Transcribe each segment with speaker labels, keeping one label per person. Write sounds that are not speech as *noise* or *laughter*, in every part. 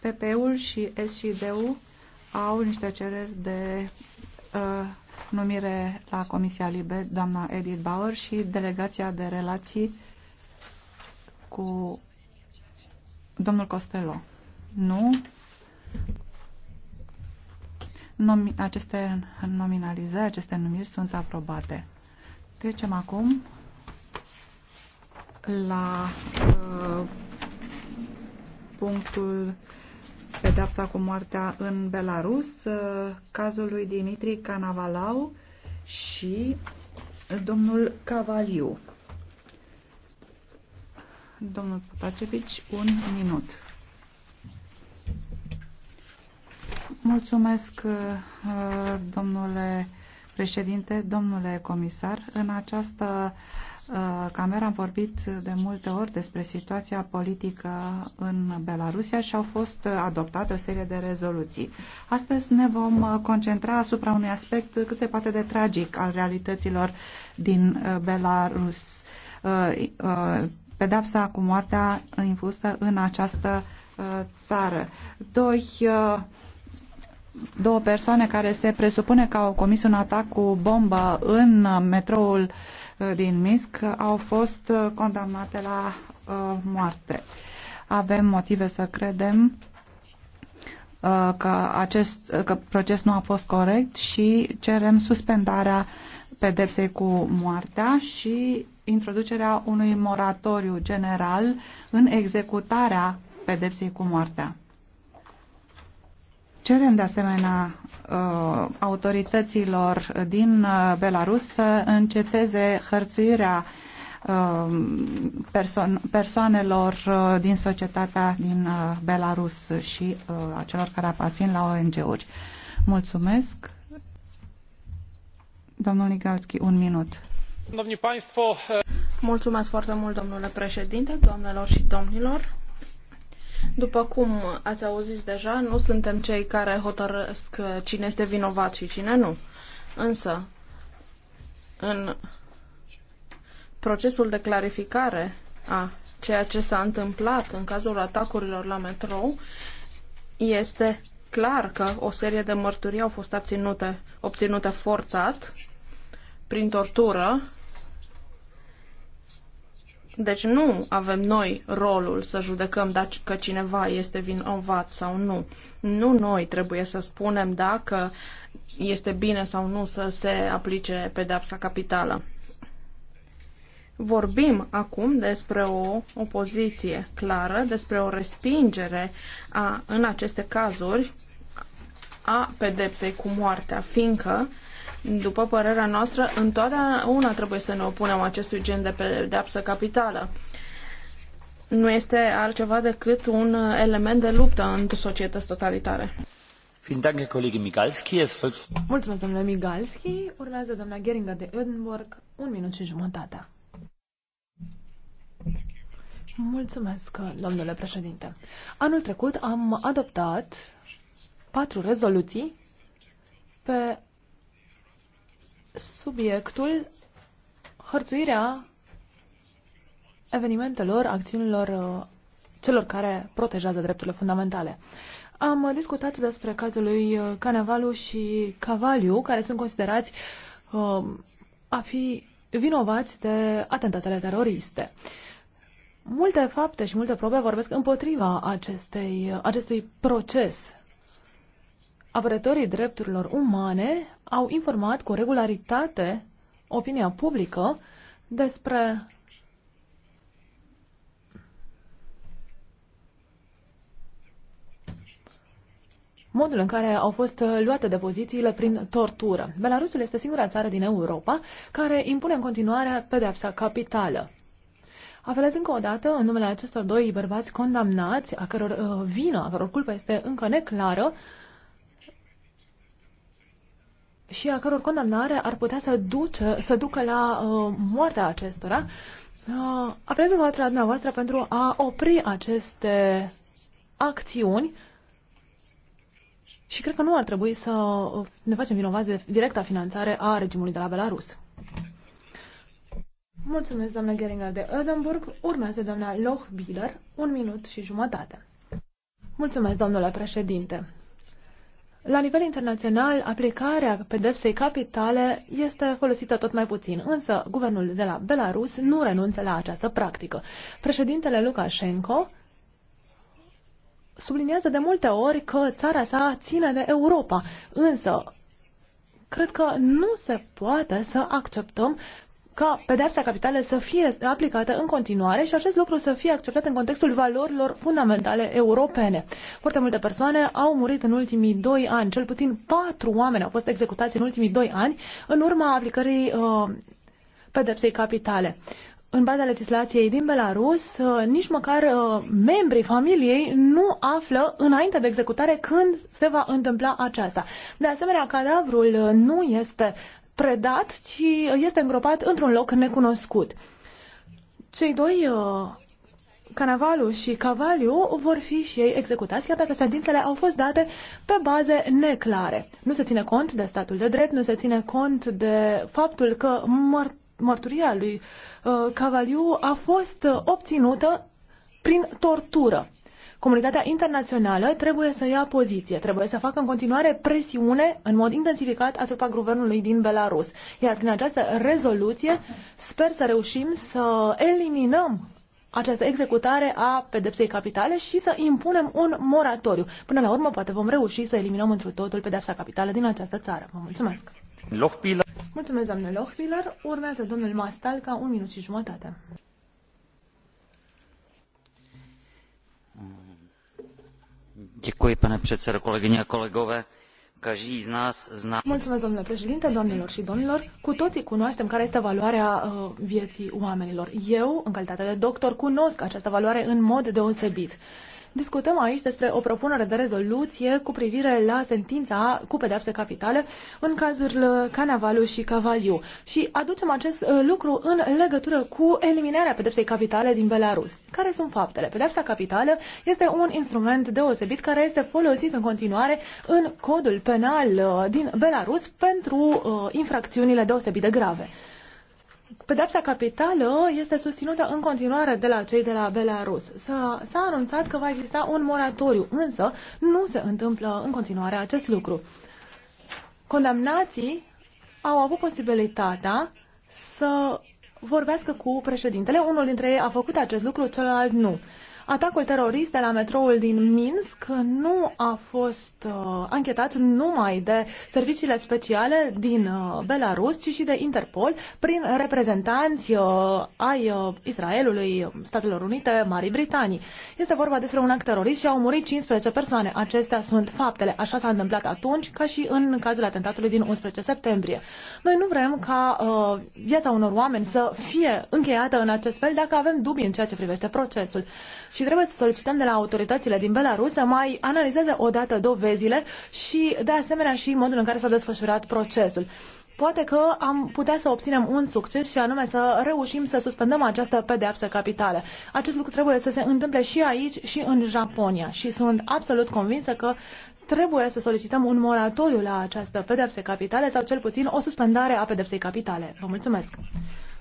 Speaker 1: PP-ul și SID-ul au niște cereri de uh, numire la Comisia Libe, doamna Edith Bauer și delegația de relații cu domnul Costello. Nu. Nomi aceste nominalizări, aceste numiri sunt aprobate. Trecem acum la uh, punctul pedapsa cu moartea în Belarus, uh, cazul lui Dimitri Canavalau și domnul Cavaliu. Domnul Potacevici, un minut. Mulțumesc, uh, domnule președinte, domnule comisar. În această Uh, Camera a vorbit de multe ori despre situația politică în Belarusia și au fost adoptate o serie de rezoluții. Astăzi ne vom concentra asupra unui aspect cât se poate de tragic al realităților din uh, Belarus. Uh, Pedapsa cu moartea impusă în această țară. Doi două persoane care se presupune că au comis un atac cu bombă în metroul uh, din Misc au fost uh, condamnate la uh, moarte. Avem motive să credem uh, că acest că proces nu a fost corect și cerem suspendarea pedepsei cu moartea și introducerea unui moratoriu general în executarea pedepsei cu moartea. Cerem de asemenea uh, autorităților din uh, Belarus să înceteze hărțuirea uh, perso persoanelor din societatea din Belarus și a celor care aparțin la ONG-uri. Mulțumesc. Domnul Nigalski, un minut.
Speaker 2: Mulțumesc foarte mult, domnule președinte, doamnelor și domnilor. După cum ați auzit deja, nu suntem cei care hotărăsc cine este vinovat și cine nu. Însă, în procesul de clarificare a ceea ce s-a întâmplat în cazul atacurilor la metrou, este clar că o serie de mărturii au fost obținute forțat, prin tortură deci nu avem noi rolul să judecăm dacă cineva este vinovat sau nu. Nu noi trebuie să spunem dacă este bine sau nu să se aplice pedepsa capitală. Vorbim acum despre o opoziție clară, despre o respingere a, în aceste cazuri a pedepsei cu moartea, fiindcă uh, după părerea noastră, întotdeauna trebuie să ne opunem acestui gen de pedeapsă capitală. Nu este altceva decât un element de luptă în societăți totalitare. Mulțumesc, domnule Migalski. Urmează doamna Geringa de Edinburgh, un minut și jumătate.
Speaker 3: Mulțumesc, domnule președinte. Anul trecut am adoptat patru rezoluții pe subiectul hărțuirea evenimentelor, acțiunilor uh, celor care protejează drepturile fundamentale. Am discutat despre cazul lui uh, Canevalu și Cavaliu, care sunt considerați uh, a fi vinovați de atentatele teroriste. Multe fapte și multe probe vorbesc împotriva acestei, acestui proces apărătorii drepturilor umane au informat cu regularitate opinia publică despre modul în care au fost luate depozițiile prin tortură. Belarusul este singura țară din Europa care impune în continuare pedeapsa capitală. Apelez încă o dată în numele acestor doi bărbați condamnați, a căror uh, vină, a căror culpă este încă neclară, uh, și a căror condamnare ar putea să, duce, să ducă la uh, moartea acestora. Uh, apelez la dumneavoastră pentru a opri aceste acțiuni și cred că nu ar trebui să ne facem vinovați de directa finanțare a regimului de la Belarus. Mulțumesc, doamna Geringer de Edinburgh. Urmează doamna Loch Biller, un minut și jumătate. Mulțumesc, domnule președinte. La nivel internațional, aplicarea pedepsei capitale este folosită tot mai puțin, însă guvernul de la Belarus nu renunță la această practică. Președintele Lukashenko subliniază de multe ori că țara sa ține de Europa, însă cred că nu se poate să acceptăm ca pedepsa capitală să fie aplicată în continuare și acest lucru să fie acceptat în contextul valorilor fundamentale europene. Foarte multe persoane au murit în ultimii doi ani, cel puțin patru oameni au fost executați în ultimii doi ani în urma aplicării uh, pedepsei capitale în baza legislației din Belarus, uh, nici măcar uh, membrii familiei nu află înainte de executare când se va întâmpla aceasta. De asemenea, cadavrul nu este predat, ci este îngropat într-un loc necunoscut. Cei doi, uh, Canavalu și Cavaliu, vor fi și ei executați, chiar dacă sentințele au fost date pe baze neclare. Nu se ține cont de statul de drept, nu se ține cont de faptul că măr- mărturia lui uh, Cavaliu a fost uh, obținută prin tortură. Comunitatea internațională trebuie să ia poziție, trebuie să facă în continuare presiune în mod intensificat asupra guvernului din Belarus. Iar prin această rezoluție sper să reușim să eliminăm această executare a pedepsei capitale și să impunem un moratoriu. Până la urmă, poate vom reuși să eliminăm întru totul pedepsa capitală din această țară. Vă mulțumesc! Lohpilar. Mulțumesc, doamne Lohpiller. Urmează domnul Mastalca, un minut și jumătate
Speaker 4: pane Každý z nás
Speaker 1: zná...
Speaker 3: Mulțumesc, domnule președinte, doamnelor și domnilor. Cu toții cunoaștem care este valoarea uh, vieții oamenilor. Eu, în calitate de doctor, cunosc această valoare în mod deosebit. Discutăm aici despre o propunere de rezoluție cu privire la sentința cu pedepse capitale în cazul Canavalu și Cavaliu și aducem acest uh, lucru în legătură cu eliminarea pedepsei capitale din Belarus. Care sunt faptele? Pedepsa capitală este un instrument deosebit care este folosit în continuare în codul penal uh, din Belarus pentru uh, infracțiunile deosebit de grave. Pedepsa capitală este susținută în continuare de la cei de la Belarus. S-a, s-a anunțat că va exista un moratoriu, însă nu se întâmplă în continuare acest lucru. Condamnații au avut posibilitatea să vorbească cu președintele. Unul dintre ei a făcut acest lucru, celălalt nu. Atacul terorist de la metroul din Minsk nu a fost uh, anchetat numai de serviciile speciale din uh, Belarus, ci și de Interpol, prin reprezentanți uh, ai uh, Israelului, um, Statelor Unite, Marii Britanii. Este vorba despre un act terorist și au murit 15 persoane. Acestea sunt faptele. Așa s-a întâmplat atunci, ca și în cazul atentatului din 11 septembrie. Noi nu vrem ca uh, viața unor oameni să fie încheiată în acest fel dacă avem dubii în ceea ce privește procesul. Și și trebuie să solicităm de la autoritățile din Belarus să mai analizeze odată dovezile și de asemenea și modul în care s-a desfășurat procesul poate că am putea să obținem un succes și anume să reușim să suspendăm această pedeapsă capitală. Acest lucru trebuie să se întâmple și aici și în Japonia și sunt absolut convinsă că trebuie să solicităm un moratoriu la această pedepse capitale sau cel puțin o suspendare a pedepsei capitale. Vă mulțumesc!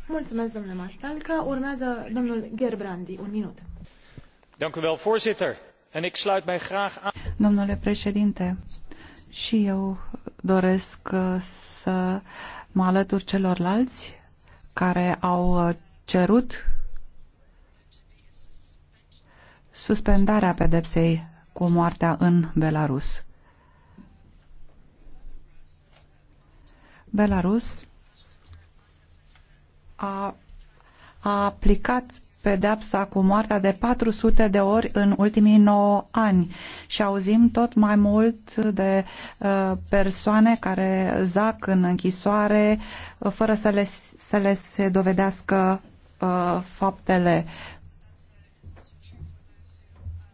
Speaker 3: Mulțumesc, domnule Mastalca. Urmează domnul Gerbrandi. Un minut.
Speaker 1: Domnule președinte, și eu doresc uh, să mă alătur celorlalți care au uh, cerut suspendarea pedepsei cu moartea în Belarus. Belarus a, a aplicat pedepsa cu moartea de 400 de ori în ultimii 9 ani și auzim tot mai mult de uh, persoane care zac în închisoare uh, fără să le, să le se dovedească uh, faptele.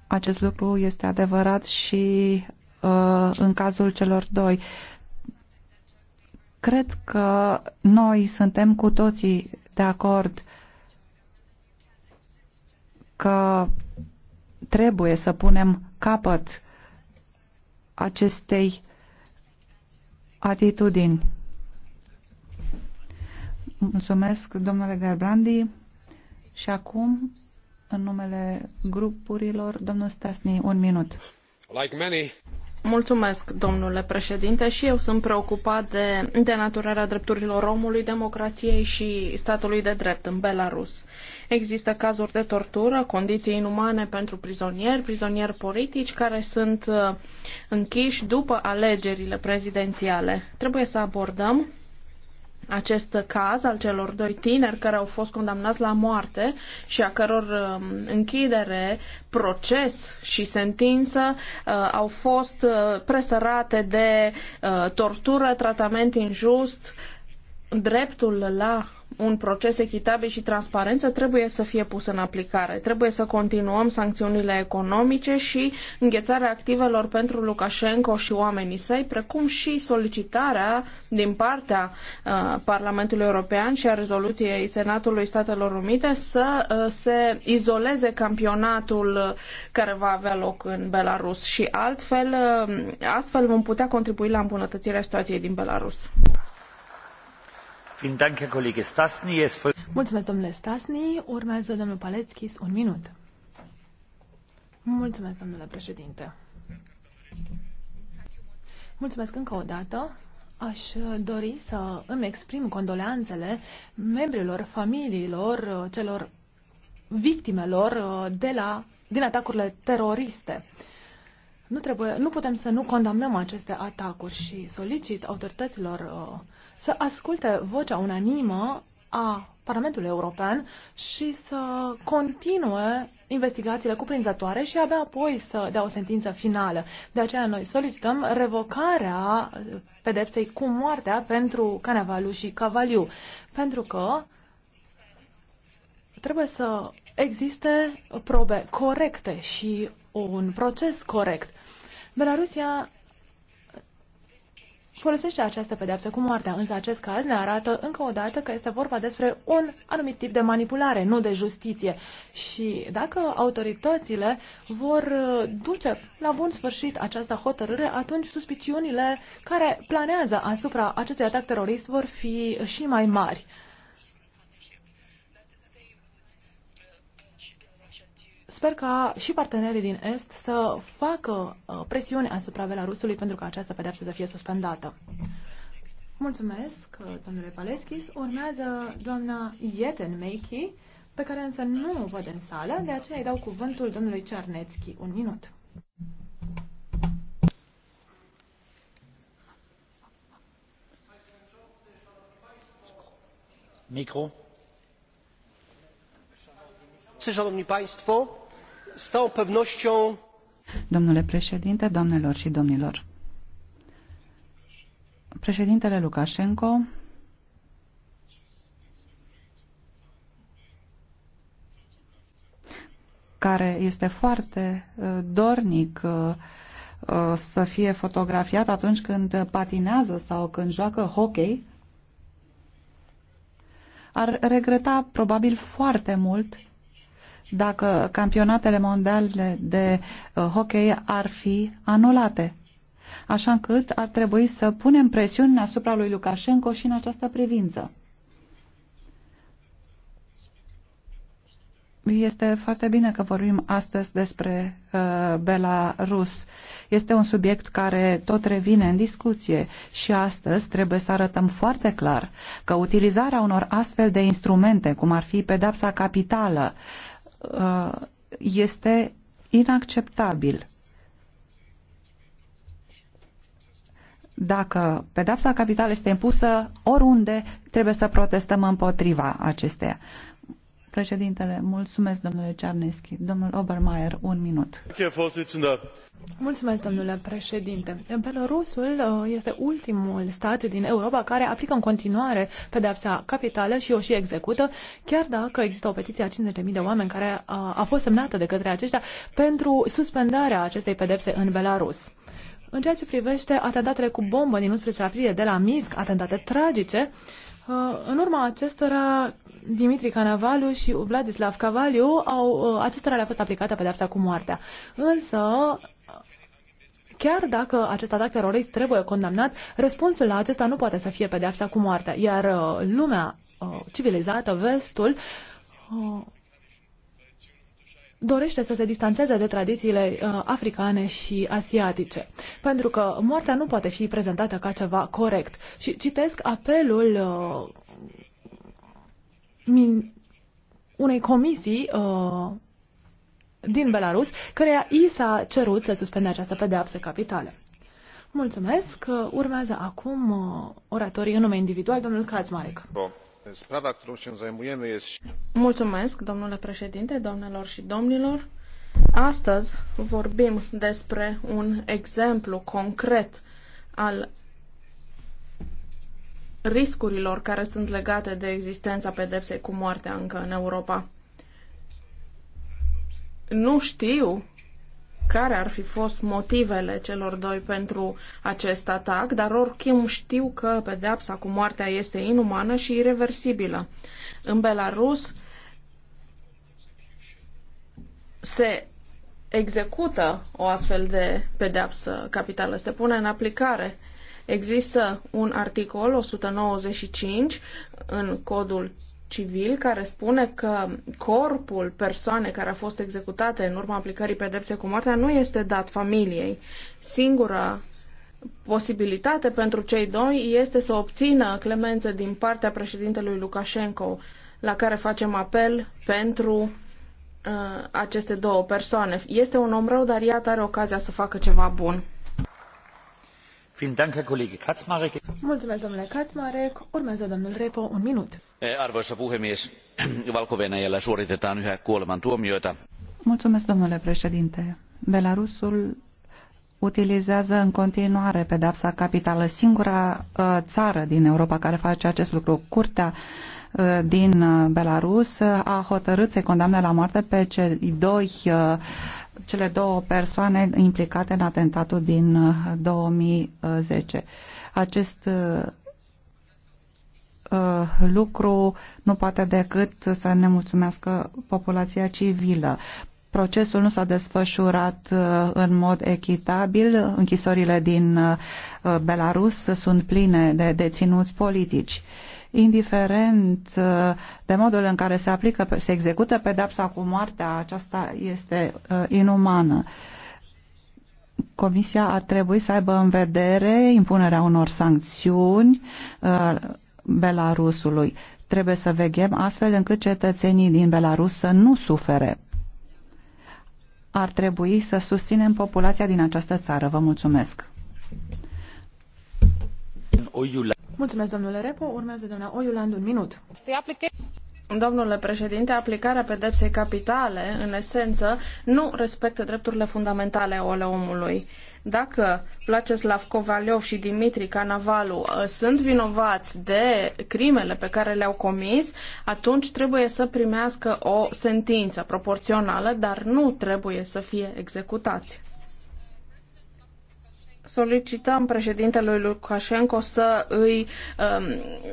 Speaker 1: Acest lucru este adevărat și uh, în cazul celor doi. Cred că noi suntem cu toții de acord uh, că trebuie să punem capăt acestei atitudini. Mulțumesc, domnule Garbrandi. Și acum, în numele grupurilor, domnul
Speaker 2: Stasni, un minut.
Speaker 4: Like many.
Speaker 2: Mulțumesc, domnule președinte, și eu sunt preocupat de denaturarea drepturilor omului, democrației și statului de drept în Belarus. Există cazuri de tortură, condiții inumane pentru prizonieri, prizonieri politici care sunt uh, închiși după alegerile prezidențiale. Trebuie să abordăm acest caz al celor doi tineri care au fost condamnați la moarte și a căror um, închidere, proces și sentință uh, au fost uh, presărate de uh, tortură, tratament injust, dreptul la un proces echitabil și transparență trebuie să fie pus în aplicare. Trebuie să continuăm sancțiunile economice și înghețarea activelor pentru Lukashenko și oamenii săi, precum și solicitarea din partea uh, Parlamentului European și a rezoluției Senatului Statelor Unite să uh, se izoleze campionatul care va avea loc în Belarus și altfel, uh, astfel vom putea contribui la îmbunătățirea situației din Belarus. Mulțumesc,
Speaker 3: domnule Stasni. Urmează domnul Paleckis, un minut. Mulțumesc, domnule președinte. Mulțumesc încă o dată. Aș dori să îmi exprim condoleanțele membrilor, familiilor, celor victimelor de la, din atacurile teroriste. Nu, trebuie, nu putem să nu condamnăm aceste atacuri și solicit autorităților uh, să asculte vocea unanimă a Parlamentului European și să continue investigațiile cuprinzătoare și abia apoi să dea o sentință finală. De aceea noi solicităm revocarea pedepsei cu moartea pentru Canavalu și Cavaliu, pentru că trebuie să existe probe corecte și un proces corect. Belarusia folosește această pedeapsă cu moartea, însă acest caz ne arată încă o dată că este vorba despre un anumit tip de manipulare, nu de justiție. Și dacă autoritățile vor uh, duce la bun sfârșit această hotărâre, atunci suspiciunile care planează asupra acestui atac terorist vor fi și mai mari. Sper ca și partenerii din Est să facă uh, presiune asupra Belarusului pentru ca această pedeapsă să fie suspendată. Mulțumesc, uh, domnule Paleschis. Urmează doamna Ieten Meichi, pe care însă nu o văd în sală, de aceea îi dau cuvântul domnului Cernețchi. Un
Speaker 4: minut. Micro. Szanowni Państwo, z całą pewnością
Speaker 1: Domnule președinte, doamnelor și domnilor. Președintele Lukashenko care este foarte uh, dornic uh, uh, să fie fotografiat atunci când patinează sau când joacă hockey, ar regreta probabil foarte mult dacă campionatele mondiale de uh, hockey ar fi anulate. Așa încât ar trebui să punem presiuni asupra lui Lukashenko și în această privință. Este foarte bine că vorbim astăzi despre uh, Belarus. Este un subiect care tot revine în discuție și astăzi trebuie să arătăm foarte clar că utilizarea unor astfel de instrumente, cum ar fi pedapsa capitală, Uh, este inacceptabil. Dacă pedapsa capitală este impusă oriunde, trebuie să protestăm împotriva acesteia. Președintele, mulțumesc, domnule Cearneschi. Domnul Obermeier, un minut. Mulțumesc, domnule președinte. Belarusul uh, este ultimul
Speaker 3: stat din Europa care aplică în continuare pedepsa capitală și o și execută, chiar dacă există o petiție a 50.000 de oameni care a, uh, a fost semnată de către aceștia pentru suspendarea acestei pedepse în Belarus. În ceea ce privește atentatele cu bombă din 11 aprilie de la Minsk, atentate tragice, uh, Uh, în urma acestora, Dimitri Canavaliu și Vladislav Cavaliu, au, uh, acestora le-a fost aplicată pedepsa cu moartea. Însă, Chiar dacă acest atac terorist trebuie condamnat, răspunsul la acesta nu poate să fie pedeapsa cu moartea, iar uh, lumea civilizată, vestul, dorește să se distanțeze de tradițiile uh, africane și asiatice, pentru că moartea nu poate fi prezentată ca ceva corect. Și citesc apelul uh, unei comisii uh, din Belarus, căreia i s-a cerut să suspende această pedeapsă capitală. Mulțumesc. Urmează acum
Speaker 2: uh, oratorii în nume individual, domnul Kaczmarek.
Speaker 4: Bun. Sprawa, którą się zajmujemy jest...
Speaker 2: Mulțumesc, domnule președinte, domnilor și domnilor. Astăzi vorbim despre un exemplu concret al riscurilor care sunt legate de existența pedepsei cu moartea încă în Europa. Nu știu care ar fi fost motivele celor doi pentru acest atac, dar oricum știu că pedeapsa cu moartea este inumană și irreversibilă. În Belarus se execută o astfel de pedeapsă capitală, se pune în aplicare. Există un articol 195 în codul civil care spune că corpul persoanei care a fost executate în urma aplicării pedepsei cu moartea nu este dat familiei. Singura posibilitate pentru cei doi este să obțină clemență din partea președintelui Lukashenko, la care facem apel pentru uh, aceste două persoane. Este un om rău, dar iată are ocazia să facă ceva bun.
Speaker 3: Mulțumesc, Kaczmarek. Repo, un minut.
Speaker 4: Eh, arvoisa puhemies, *clears throat* valko suoritetaan yhä kuolemantuomioita.
Speaker 1: Mulțumesc, domnule președinte. Belarusul utilizează în continuare pedeapsa capitală, singura ă, țară din Europa care face acest lucru. Curtea uh, din uh, Belarus a hotărât să-i condamne la moarte pe cei doi, uh, cele două persoane implicate în atentatul din 2010. Uh, Acest lucru nu poate decât să ne mulțumească populația civilă. Procesul nu s-a desfășurat în mod echitabil. Închisorile din Belarus sunt pline de deținuți politici indiferent uh, de modul în care se aplică, se execută pedapsa cu moartea, aceasta este uh, inumană. Comisia ar trebui să aibă în vedere impunerea unor sancțiuni uh, Belarusului. Trebuie să veghem astfel încât cetățenii din Belarus să nu sufere. Ar trebui să susținem populația din această țară. Vă mulțumesc.
Speaker 2: Mulțumesc, domnule Repo. Urmează doamna Oiuland un minut. Domnule președinte, aplicarea pedepsei capitale, în esență, nu respectă drepturile fundamentale ale omului. Dacă Placeslav Kovaliov și Dimitri Canavalu uh, sunt vinovați de crimele pe care le-au comis, atunci trebuie să primească o sentință proporțională, dar nu trebuie să fie executați solicităm președintelui Lukashenko să îi um,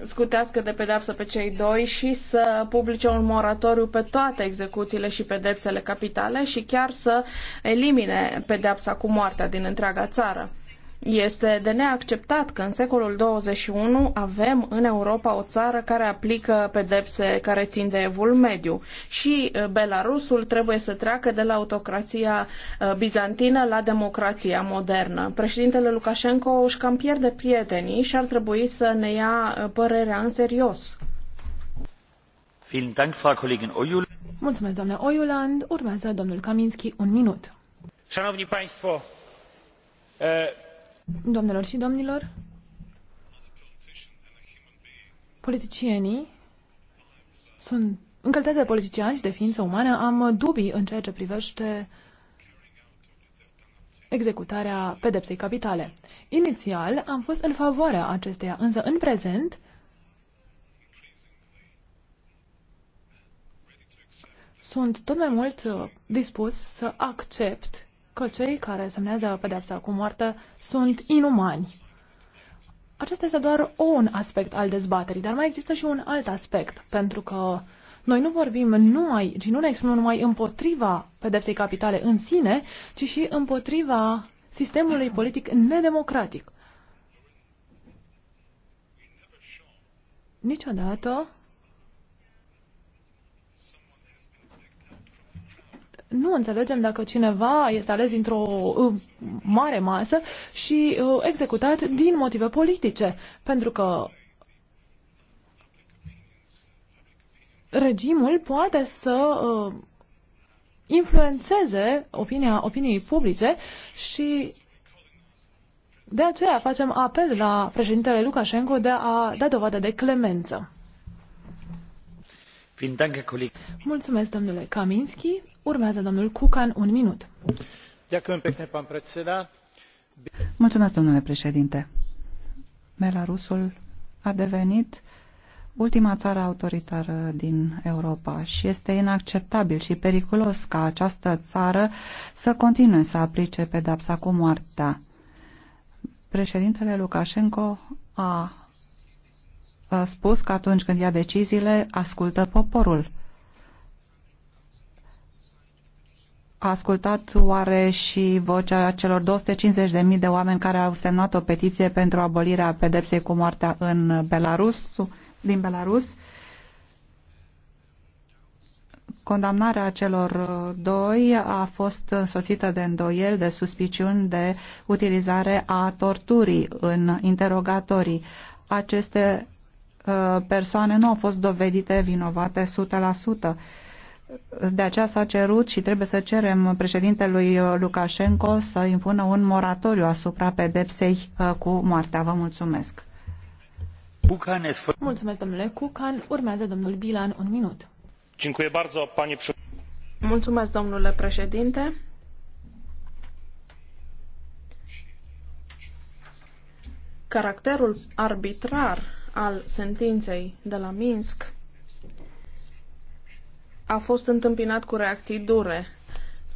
Speaker 2: scutească de pedeapsă pe cei doi și să publice un moratoriu pe toate execuțiile și pedepsele capitale și chiar să elimine pedeapsa cu moartea din întreaga țară. Este de neacceptat că în secolul 21 avem în Europa o țară care aplică pedepse care țin de evul mediu și uh, Belarusul trebuie să treacă de la autocrația uh, bizantină la democrația modernă. Președintele Lukashenko își cam pierde prietenii și ar trebui să ne ia uh, părerea în serios.
Speaker 3: Mulțumesc, domnule Oiuland. Urmează domnul Kaminski un minut.
Speaker 4: Szanowni Państwo,
Speaker 3: Domnilor și domnilor, politicienii sunt, în calitate de politician și de ființă umană, am dubii în ceea ce privește executarea pedepsei capitale. Inițial am fost în favoarea acesteia, însă în prezent sunt tot mai mult uh, dispus să accept că cei care semnează pedepsa cu moartea sunt inumani. Acesta este doar un aspect al dezbaterii, dar mai există și un alt aspect, pentru că noi nu vorbim numai, ci nu ne exprimăm numai împotriva pedepsei capitale în sine, ci și împotriva sistemului politic nedemocratic. Niciodată nu înțelegem dacă cineva este ales dintr-o uh, mare masă și uh, executat din motive politice, pentru că regimul poate să uh, influențeze opinia opiniei publice și de aceea facem apel la președintele Lukashenko de a da dovadă de clemență domnule Kaminski. domnul un minut.
Speaker 1: domnule președinte. Belarusul a devenit ultima țară autoritară din Europa și este inacceptabil și periculos ca această țară să continue să aplice pedeapsa cu moartea. Președintele Lukashenko a spus că atunci când ia deciziile, ascultă poporul. A ascultat oare și vocea celor 250.000 de oameni care au semnat o petiție pentru abolirea pedepsei cu moartea în Belarus, din Belarus? Condamnarea celor doi a fost însoțită de îndoieli, de suspiciuni de utilizare a torturii în interogatorii. Aceste Uh, persoane nu au fost dovedite vinovate 100%. De aceea s-a cerut și trebuie să cerem președintelui Lukashenko să impună un moratoriu asupra pedepsei uh, cu moartea. Vă mulțumesc!
Speaker 3: Mulțumesc, domnule Cucan. Urmează domnul Bilan, un minut.
Speaker 2: Mulțumesc, domnule președinte. Caracterul arbitrar al sentinței de la Minsk a fost întâmpinat cu reacții dure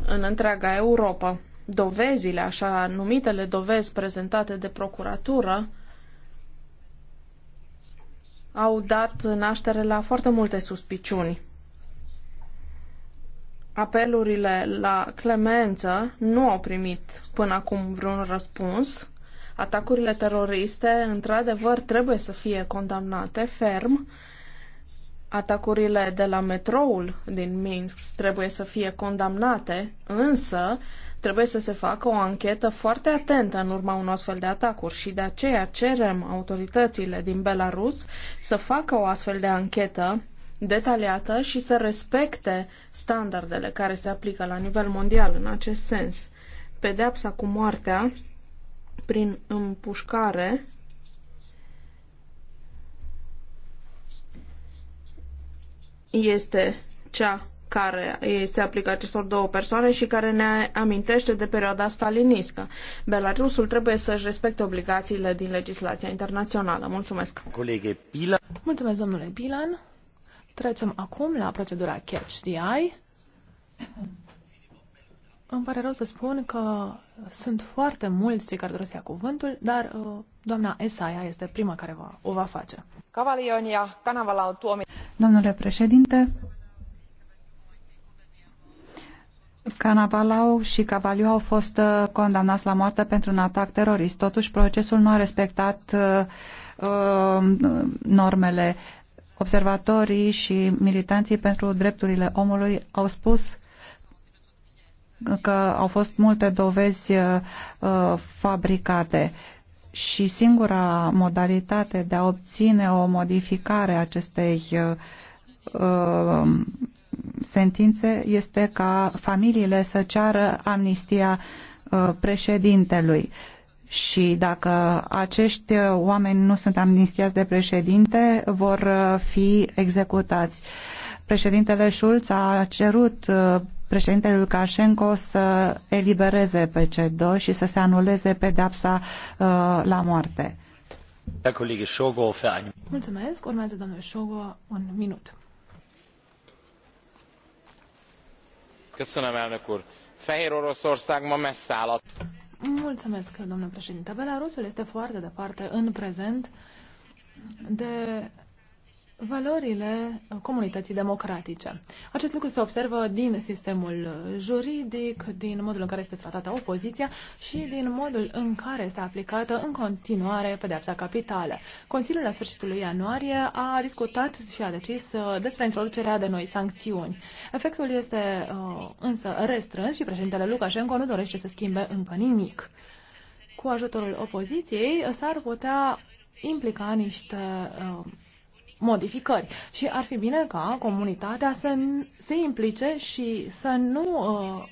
Speaker 2: în întreaga Europa. Dovezile, așa numitele dovezi prezentate de procuratură, au dat naștere la foarte multe suspiciuni. Apelurile la clemență nu au primit până acum vreun răspuns Atacurile teroriste, într-adevăr, trebuie să fie condamnate ferm. Atacurile de la metroul din Minsk trebuie să fie condamnate, însă trebuie să se facă o anchetă foarte atentă în urma unor astfel de atacuri și de aceea cerem autoritățile din Belarus să facă o astfel de anchetă detaliată și să respecte standardele care se aplică la nivel mondial în acest sens. Pedepsa cu moartea prin împușcare este cea care se aplică acestor două persoane și care ne amintește de perioada stalinistă. Belarusul trebuie să-și respecte obligațiile din legislația internațională. Mulțumesc.
Speaker 4: Colege Pilan.
Speaker 2: Mulțumesc, domnule Pilan. Trecem acum la procedura
Speaker 3: Catch the Eye. Îmi pare rău să spun că sunt foarte mulți cei care doresc să ia cuvântul, dar uh, doamna Esaia este prima
Speaker 1: care va, o va face.
Speaker 2: Cavalionia, canavala tuomi.
Speaker 1: Domnule președinte, Canavalau și Cavaliu au fost uh, condamnați la moarte pentru un atac terorist. Totuși, procesul nu a respectat uh, uh normele. Observatorii și militanții pentru drepturile omului au spus că au fost multe dovezi uh, fabricate și singura modalitate de a obține o modificare a acestei uh, uh, sentințe este ca familiile să ceară amnistia președintelui. Și dacă acești oameni nu sunt amnistiați de președinte, vor fi executați. Uh, Președintele Schulz a cerut uh, președintele Lukashenko să elibereze pe cei doi și să se anuleze pedapsa uh, la moarte.
Speaker 3: Mulțumesc. Urmează domnul Șogo un minut.
Speaker 4: Köszönöm, elnök úr. Fehér Oroszország ma messze áll.
Speaker 3: Mulțumesc, domnule președinte. Belarusul este foarte departe în prezent de valorile comunității democratice. Acest lucru se observă din sistemul juridic, din modul în care este tratată opoziția și din modul în care este aplicată în continuare pedeapsa capitală. Consiliul la sfârșitul lui ianuarie a discutat și a decis uh, despre introducerea de noi sancțiuni. Efectul este uh, însă restrâns și președintele Lukashenko nu dorește să schimbe încă nimic. Cu ajutorul opoziției s-ar putea implica niște uh, modificări și ar fi bine ca comunitatea să se implice și să nu uh,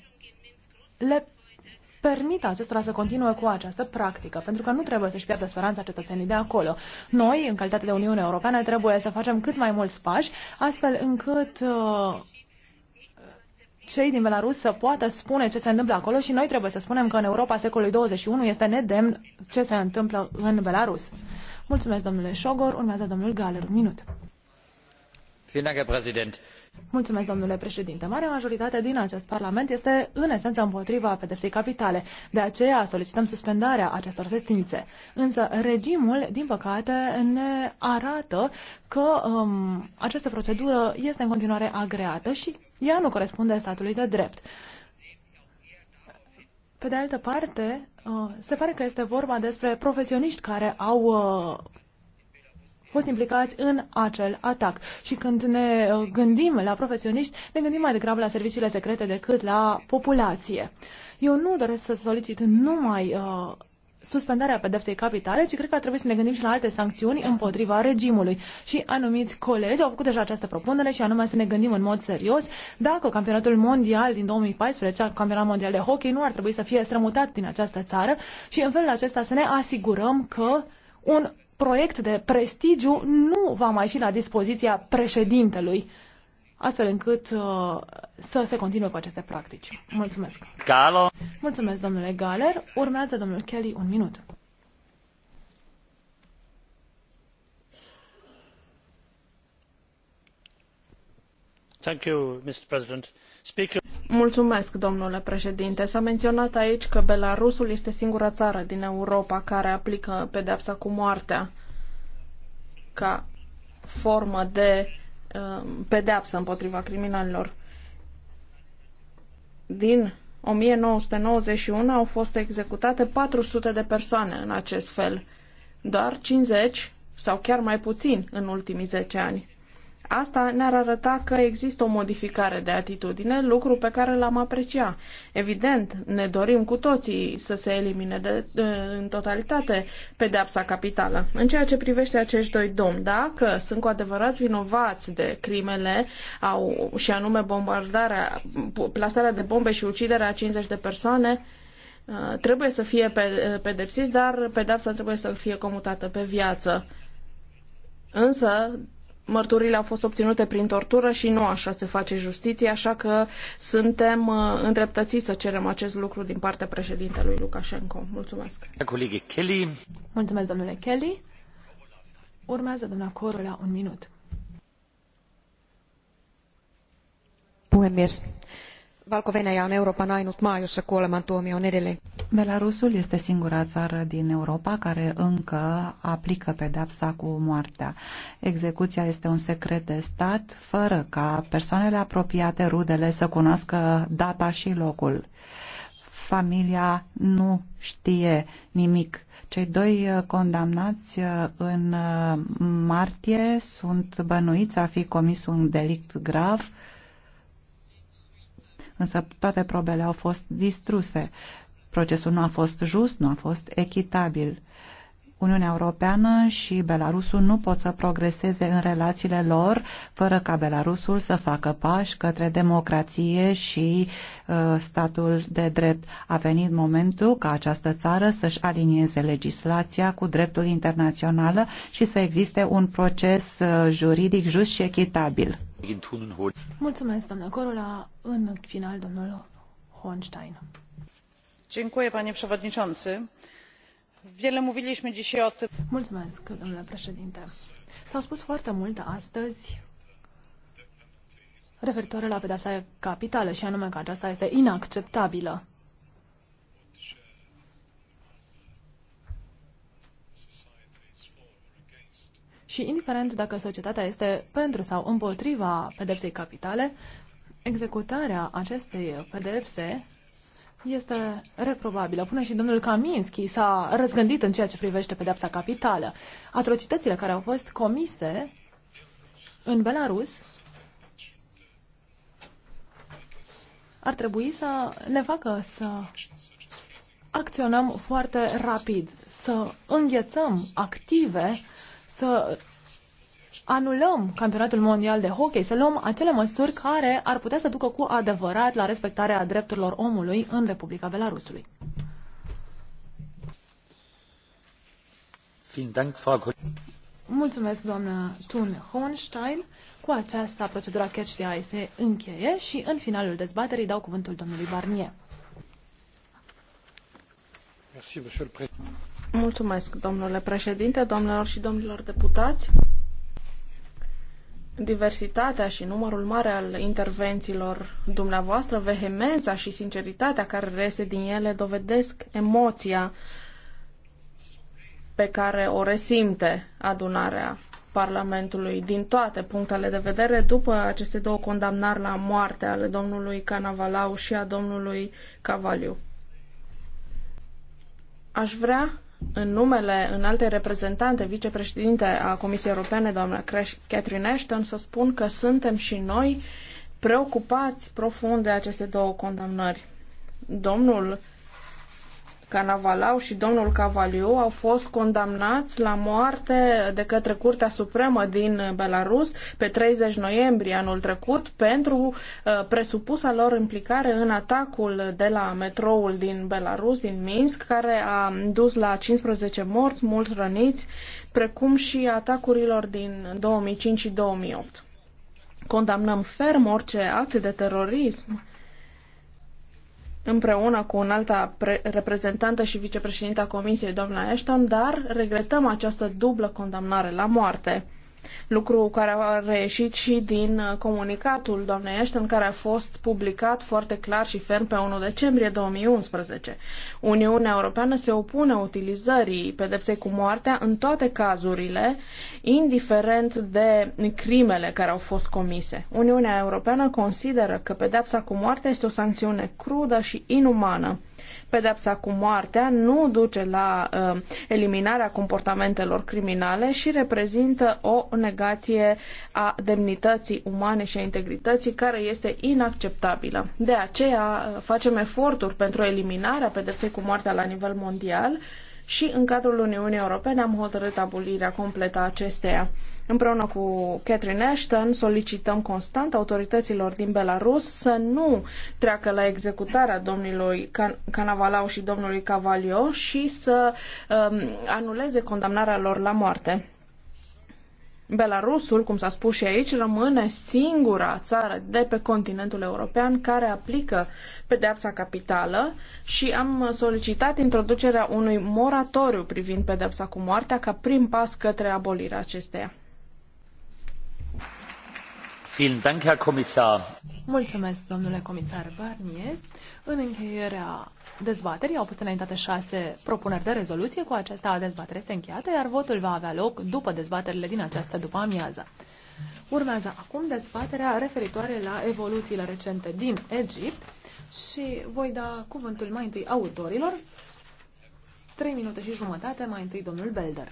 Speaker 3: le permită acestora să continue cu această practică, pentru că nu trebuie să-și pierdă speranța cetățenii de acolo. Noi, în calitate de Uniune Europeană, trebuie să facem cât mai mulți pași, astfel încât uh, cei din Belarus să poată spune ce se întâmplă acolo și noi trebuie să spunem că în Europa secolului 21 este nedemn ce se întâmplă în Belarus. Mulțumesc, domnule Șogor. Urmează domnul Galer. Un minut. Mulțumesc, domnule președinte. Marea majoritate din acest Parlament este în esență împotriva pedepsei capitale. De aceea solicităm suspendarea acestor sentințe. Însă regimul, din păcate, ne arată că um, această procedură este în continuare agreată și ea nu corespunde statului de drept. Pe de altă parte, Uh, se pare că este vorba despre profesioniști care au uh, fost implicați în acel atac. Și când ne uh, gândim la profesioniști, ne gândim mai degrabă la serviciile secrete decât la populație. Eu nu doresc să solicit numai uh, suspendarea pedepsei capitale, ci cred că ar trebui să ne gândim și la alte sancțiuni împotriva regimului. Și anumiți colegi au făcut deja această propunere și anume să ne gândim în mod serios dacă campionatul mondial din 2014, campionatul mondial de hockey, nu ar trebui să fie strămutat din această țară și în felul acesta să ne asigurăm că un proiect de prestigiu nu va mai fi la dispoziția președintelui astfel încât uh, să se continue cu aceste practici. Mulțumesc! Galo. Mulțumesc, domnule Galer. Urmează domnul Kelly un minut.
Speaker 2: Mulțumesc, domnule președinte. s a menționat aici că belarusul este singura țară din europa care aplică pedeapsa cu moartea ca formă de Uh, pedeapsă împotriva criminalilor. Din 1991 au fost executate 400 de persoane în acest fel, doar 50 sau chiar mai puțin în ultimii 10 ani. Asta ne-ar arăta că există o modificare de atitudine, lucru pe care l-am apreciat. Evident, ne dorim cu toții să se elimine de, de, în totalitate pedeapsa capitală. În ceea ce privește acești doi domni, dacă sunt cu adevărat vinovați de crimele au, și anume bombardarea, plasarea de bombe și uciderea a 50 de persoane, uh, trebuie să fie uh, pedepsiți, dar pedepsa trebuie să fie comutată pe viață. Însă, mărturile au fost obținute prin tortură și nu așa se face justiție, așa că suntem uh, îndreptățiți să cerem acest lucru din partea președintelui Lukashenko. Mulțumesc.
Speaker 4: Colegii Kelly.
Speaker 2: Mulțumesc, domnule Kelly.
Speaker 1: Urmează doamna Corola un minut. Puhemies valko venäjä on euroopan ainut maa jossa kuolemantuomio on edelleen Belarusul este singura țară din Europa care încă aplică pedepsa cu moartea. Execuția este un secret de stat, fără ca persoanele apropiate, rudele, să cunoască data și locul. Familia nu știe nimic. Cei doi uh, condamnați uh, în uh, martie sunt bănuiți a fi comis un delict grav însă toate probele au fost distruse. Procesul nu a fost just, nu a fost echitabil. Uniunea Europeană și Belarusul nu pot să progreseze în relațiile lor fără ca Belarusul să facă pași către democrație și uh, statul de drept. A venit momentul ca această țară să-și alinieze legislația cu dreptul internațional și să existe un proces uh, juridic just și echitabil.
Speaker 3: Mulțumesc, domnule Corula. În final, domnul Hornstein.
Speaker 1: Dziękuję, panie przewodniczący Wiele mówiliśmy dzisiaj o tym. Mulțumesc, domnule
Speaker 3: președinte. S-au spus foarte multe astăzi referitoare la pedepsa capitală și anume că aceasta este inacceptabilă. Și indiferent dacă societatea este pentru sau împotriva pedepsei capitale, executarea acestei pedepse este reprobabilă. Până și domnul Kaminski s-a răzgândit în ceea ce privește pedepsa capitală. Atrocitățile care au fost comise în Belarus ar trebui să ne facă să acționăm foarte rapid, să înghețăm active, să anulăm campionatul mondial de hockey, să luăm acele măsuri care ar putea să ducă cu adevărat la respectarea drepturilor omului în Republica Belarusului. Mulțumesc, doamna Thun Hohenstein. Cu aceasta, procedura Catch the Eye se încheie și în finalul dezbaterii dau cuvântul domnului Barnier.
Speaker 2: Mulțumesc, domnule președinte, domnilor și domnilor deputați diversitatea și numărul mare al intervențiilor dumneavoastră, vehemența și sinceritatea care rese din ele dovedesc emoția pe care o resimte adunarea Parlamentului din toate punctele de vedere după aceste două condamnări la moarte ale domnului Canavalau și a domnului Cavaliu. Aș vrea în numele în alte reprezentante, vicepreședinte a Comisiei Europene, doamna Catherine Ashton, să spun că suntem și noi preocupați profund de aceste două condamnări. Domnul Canavalau și domnul Cavaliu au fost condamnați la moarte de către Curtea Supremă din Belarus pe 30 noiembrie anul trecut pentru uh, presupusa lor implicare în atacul de la metroul din Belarus, din Minsk, care a dus la 15 morți, mulți răniți, precum și atacurilor din 2005 și 2008. Condamnăm ferm orice act de terorism împreună cu un alta reprezentantă și vicepreședinta Comisiei, doamna Ashton, dar regretăm această dublă condamnare la moarte lucru care a reieșit și din uh, comunicatul doamnei Ashton, care a fost publicat foarte clar și ferm pe 1 decembrie 2011. Uniunea Europeană se opune utilizării pedepsei cu moartea în toate cazurile, indiferent de crimele care au fost comise. Uniunea Europeană consideră că pedepsa cu moartea este o sancțiune crudă și inumană Pedepsa cu moartea nu duce la uh, eliminarea comportamentelor criminale și reprezintă o negație a demnității umane și a integrității care este inacceptabilă. De aceea uh, facem eforturi pentru eliminarea pedepsei cu moartea la nivel mondial și în cadrul Uniunii Europene am hotărât abolirea completă a acesteia. Împreună cu Catherine Ashton solicităm constant autorităților din Belarus să nu treacă la executarea domnului Can- Canavalau și domnului Cavalio și să um, anuleze condamnarea lor la moarte. Belarusul, cum s-a spus și aici, rămâne singura țară de pe continentul european care aplică pedepsa capitală și am solicitat introducerea unui moratoriu privind pedepsa cu moartea ca prim pas către abolirea acesteia.
Speaker 3: Mulțumesc, domnule comisar Barnier. În încheierea dezbaterii au fost înaintate șase propuneri de rezoluție. Cu aceasta dezbaterea este încheiată, iar votul va avea loc după dezbaterile din această după amiază. Urmează acum dezbaterea referitoare la evoluțiile recente din Egipt și voi da cuvântul mai întâi autorilor.
Speaker 1: Trei minute și jumătate, mai întâi domnul Belder.